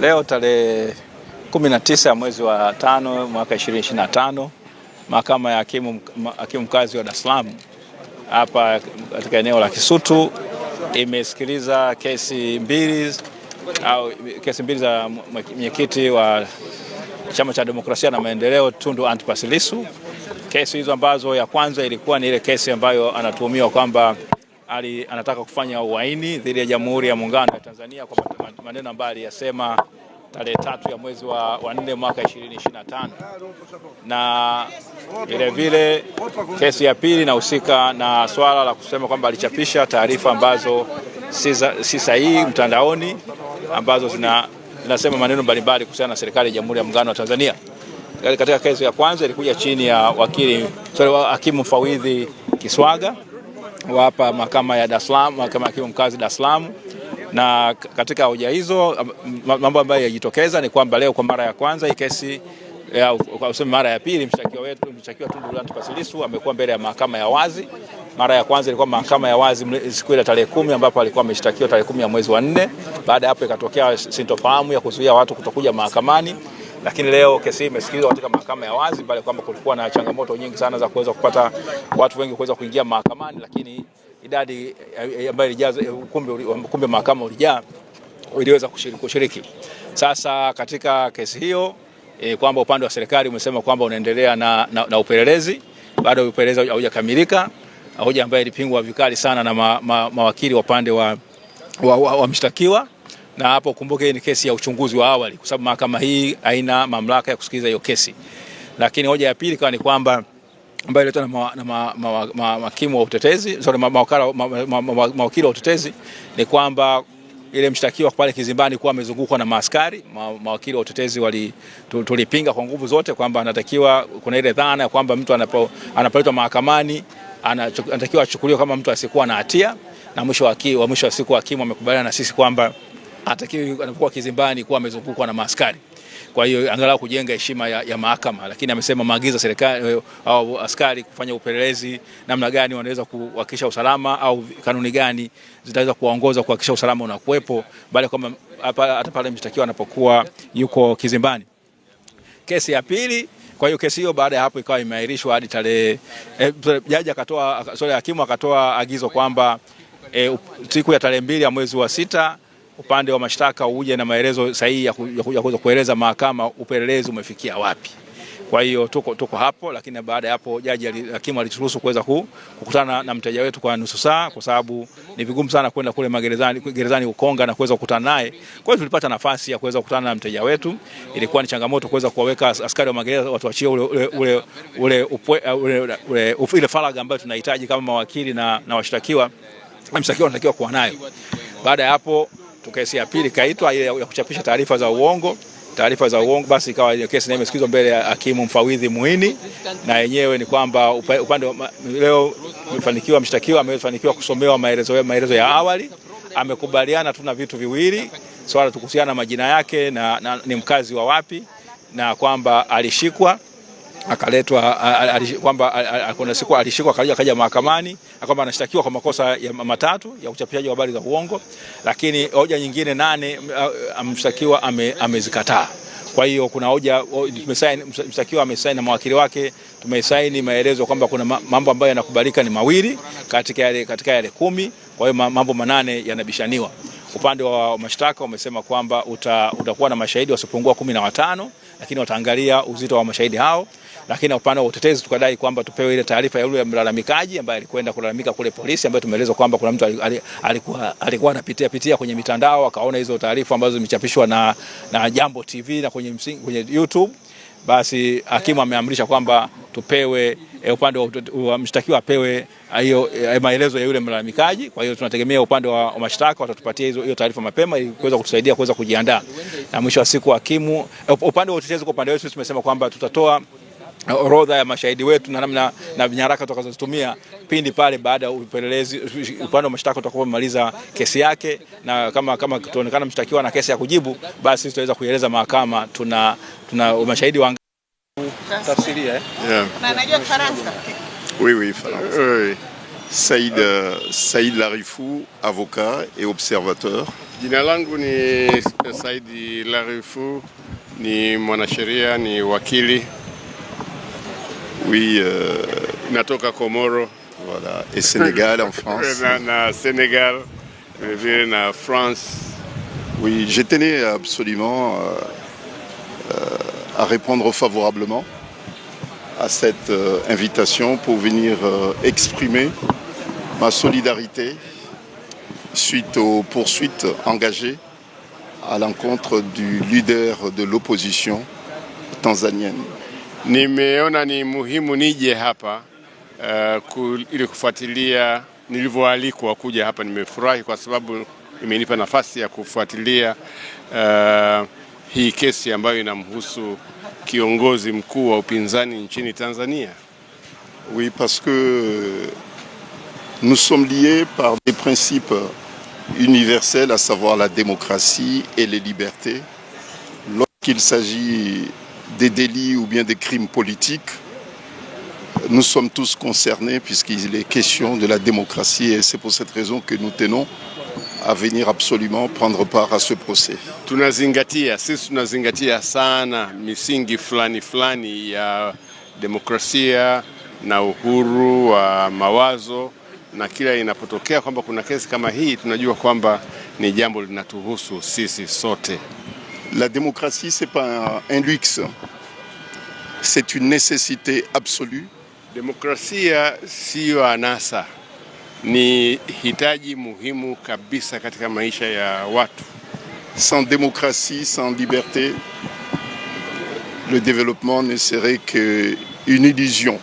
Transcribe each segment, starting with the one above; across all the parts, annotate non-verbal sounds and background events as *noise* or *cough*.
Leo tarehe 19 ya mwezi wa tano mwaka 2025 mahakama ya hakimu mkazi wa Dar es Salaam hapa katika eneo la Kisutu imesikiliza kesi mbili au kesi mbili za mwenyekiti wa Chama cha Demokrasia na Maendeleo Tundu Antipas Lissu. Kesi hizo ambazo ya kwanza ilikuwa ni ile kesi ambayo anatuhumiwa kwamba ali anataka kufanya uhaini dhidi ya Jamhuri ya Muungano ya Tanzania kwa maneno ambayo aliyasema tarehe tatu ya mwezi wa nne mwaka 2025 na vilevile kesi ya pili inahusika na swala la kusema kwamba alichapisha taarifa ambazo si sahihi mtandaoni ambazo zina, zinasema maneno mbalimbali kuhusiana na serikali ya Jamhuri ya Muungano wa Tanzania. Katika kesi ya kwanza ilikuja chini ya wakili sorry, hakimu mfawidhi Kiswaga wa hapa mahakama ya Dar es Salaam, mahakama ya hakimu mkazi Dar es Salaam. Na katika hoja hizo, mambo ambayo yajitokeza ni kwamba leo kwa mara ya kwanza hii kesi useme mara ya pili, mshtakiwa wetu mshtakiwa Tundu Antipas Lissu amekuwa mbele ya mahakama ya wazi. Mara ya kwanza ilikuwa mahakama ya wazi siku ile tarehe kumi ambapo alikuwa ameshtakiwa tarehe kumi ya mwezi wa nne. Baada ya hapo ikatokea sintofahamu ya kuzuia watu kutokuja mahakamani lakini leo kesi hii imesikilizwa katika mahakama ya wazi, pale kwamba kulikuwa na changamoto nyingi sana za kuweza kupata watu wengi kuweza kuingia mahakamani, lakini idadi eh, ambayo ilijaza eh, ukumbi mahakama ulijaa iliweza kushiriki. Sasa katika kesi hiyo e, kwamba upande wa serikali umesema kwamba unaendelea na, na, na upelelezi. Bado upelelezi haujakamilika, hoja ambayo ilipingwa vikali sana na ma, ma, mawakili wa upande wa, wa, wa, wa mshtakiwa na hapo kumbuke, ni kesi ya uchunguzi wa awali, kwa sababu mahakama hii haina mamlaka ya kusikiliza hiyo kesi. Lakini hoja ya pili ikawa ni kwamba ambayo iletwa na mawakimu wa utetezi sorry, mawakala mawakili wa utetezi ni kwamba ile mshtakiwa pale kizimbani kuwa amezungukwa na maaskari. Mawakili wa utetezi wali tulipinga kwa nguvu zote kwamba anatakiwa, kuna ile dhana ya kwamba mtu anapoletwa mahakamani anatakiwa achukuliwe kama mtu asikuwa na hatia, na mwisho wa siku hakimu amekubaliana na sisi kwamba atakiwi anapokuwa kizimbani kuwa amezungukwa na maaskari. Kwa hiyo angalau kujenga heshima ya, ya mahakama, lakini amesema maagizo serikali eh, au askari kufanya upelelezi namna gani wanaweza kuhakikisha usalama au kanuni gani zitaweza kuwaongoza kuhakikisha usalama unakuwepo, baada ya kwamba hata pale mshtakiwa anapokuwa yuko kizimbani. Kesi ya pili kwa hiyo kesi hiyo baada ya hapo ikawa imeahirishwa hadi tarehe eh, jaji akatoa sorry, hakimu akatoa agizo kwamba e, siku ya tarehe mbili ya mwezi wa sita upande wa mashtaka uje na maelezo sahihi ya kuweza kueleza mahakama upelelezi umefikia wapi. Kwa hiyo tuko, tuko hapo, lakini baada ya hapo jaji hakimu alituruhusu kuweza kukutana na mteja wetu kwa nusu saa, kwa sababu ni vigumu sana kwenda kule magerezani gerezani Ukonga na kuweza kukutana naye. Kwa hiyo tulipata nafasi ya kuweza kukutana na mteja wetu. Ilikuwa ni changamoto kuweza kuwaweka askari wa magereza watuachie ule, ule, ule, ule, upwe, ule, ule, ile faraga ambayo tunahitaji kama mawakili na, na washtakiwa mshtakiwa anatakiwa kuwa nayo. Baada ya hapo kesi ya pili kaitwa ile ya kuchapisha taarifa za uongo taarifa za uongo basi, ikawa ile kesi nayo imesikizwa mbele ya hakimu mfawidhi Muhini, na yenyewe ni kwamba upande leo mfanikiwa mshtakiwa amefanikiwa kusomewa maelezo, maelezo ya awali. Amekubaliana tu na vitu viwili, swala tukuhusiana na majina yake na, na ni mkazi wa wapi na kwamba alishikwa akaletwa kwamba kuna siku alishikwa akaja mahakamani kwamba anashtakiwa kwa makosa ya matatu ya uchapishaji wa habari za uongo, lakini hoja nyingine nane mshtakiwa amezikataa. Kwa hiyo kuna hoja mshtakiwa amesaini na mawakili wake, tumesaini maelezo kwamba kuna mambo ambayo yanakubalika ni mawili katika yale, katika yale kumi. Kwa hiyo mambo manane yanabishaniwa. Upande wa mashtaka wamesema kwamba utakuwa na mashahidi wasiopungua kumi na watano, lakini wataangalia uzito wa mashahidi hao lakini na upande wa utetezi tukadai kwamba tupewe ile taarifa ya yule mlalamikaji ambaye alikwenda kulalamika kule polisi, ambaye tumeelezwa kwamba kuna mtu alikuwa alikuwa anapitia pitia kwenye mitandao akaona hizo taarifa ambazo zimechapishwa na, na Jambo TV na kwenye, kwenye YouTube basi hakimu ameamrisha kwamba tupewe e, upande wa, wa mshtakiwa apewe ah, hiyo e, maelezo ya yule mlalamikaji. Kwa hiyo tunategemea upande wa, wa mashtaka watatupatia hizo hiyo taarifa mapema ili kuweza kutusaidia kuweza kujiandaa, na mwisho wa siku hakimu eh, upande wa utetezi kwa upande wetu tumesema kwamba tutatoa orodha ya mashahidi wetu na namna na nyaraka tutakazozitumia pindi pale baada ya upelelezi, upande wa mashtaka utakuwa kesi yake, na kama kama tuonekana mshtakiwa na kesi ya kujibu, basi tutaweza kueleza mahakama tuna tuna mashahidi wa tafsiria eh, yeah. na najua Faransa. oui oui Faransa. oui. Said uh, Said Larifou avocat et observateur. Jina langu ni Said Larifou, ni mwanasheria, ni wakili Oui, euh, natoka Voilà. Et Sénégal en France. *laughs* Sénégal, je viens France. Oui, j'étais absolument euh, euh, à répondre favorablement à cette invitation pour venir exprimer ma solidarité suite aux poursuites engagées à l'encontre du leader de l'opposition tanzanienne. nimeona ni muhimu nije hapa uh, ili kufuatilia nilivyoalikwa kuja hapa. Nimefurahi kwa sababu imenipa nafasi ya kufuatilia uh, hii kesi ambayo inamhusu kiongozi mkuu wa upinzani nchini Tanzania. Oui, parce que nous sommes liés par des principes universels à savoir la démocratie et les libertés. Lorsqu'il s'agit des délits ou bien des crimes politiques, nous sommes tous concernés puisqu'il est question de la démocratie et c'est pour cette raison que nous tenons à venir absolument prendre part à ce procès. Tunazingatia, sisi tunazingatia sana misingi flani flani ya demokrasia na uhuru wa mawazo na kila inapotokea kwamba kuna kesi kama hii tunajua kwamba ni jambo linatuhusu sisi sote. La démocratie, ce n'est pas un, un luxe, c'est une nécessité absolue. Demokrasia siyo anasa, ni hitaji muhimu kabisa katika maisha ya watu. Sans démocratie, sans liberté, le développement ne serait qu'une illusion.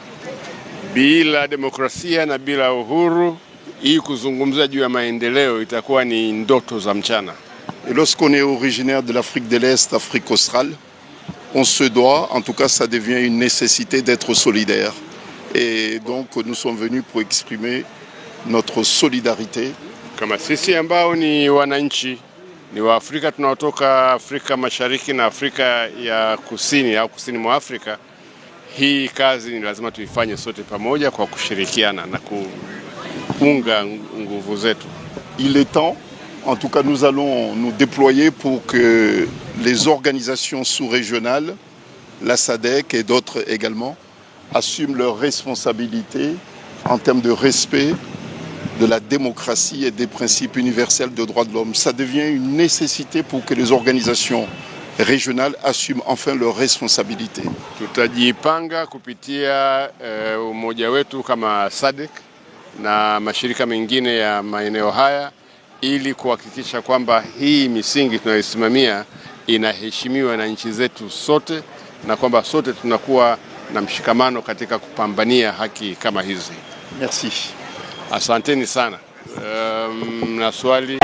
Bila demokrasia na bila uhuru, hii kuzungumza juu ya maendeleo itakuwa ni ndoto za mchana. Lorsqu'on est originaire de l'Afrique de l'Est, Afrique australe, on se doit, en tout cas ça devient une nécessité d'être solidaire. Et donc nous sommes venus pour exprimer notre solidarité. Kama sisi ambao ni wananchi ni wa Afrika tunaotoka Afrika Mashariki na Afrika ya Kusini au kusini mwa Afrika, hii kazi ni lazima tuifanye sote pamoja kwa kushirikiana na kuunga nguvu zetu. Il est temps en tout cas, nous allons nous déployer pour que les organisations sous-régionales, la SADEC et d'autres également, assument leurs responsabilités en termes de respect de la démocratie et des principes universels de droits de l'homme. Ça devient une nécessité pour que les organisations régionales assument enfin leurs responsabilités. Tutajipanga kupitia eh, umoja wetu kama SADC na mashirika mengine ya maeneo haya ili kuhakikisha kwamba hii misingi tunayoisimamia inaheshimiwa na nchi zetu sote na kwamba sote tunakuwa na mshikamano katika kupambania haki kama hizi. Merci. Asanteni sana. Um, na swali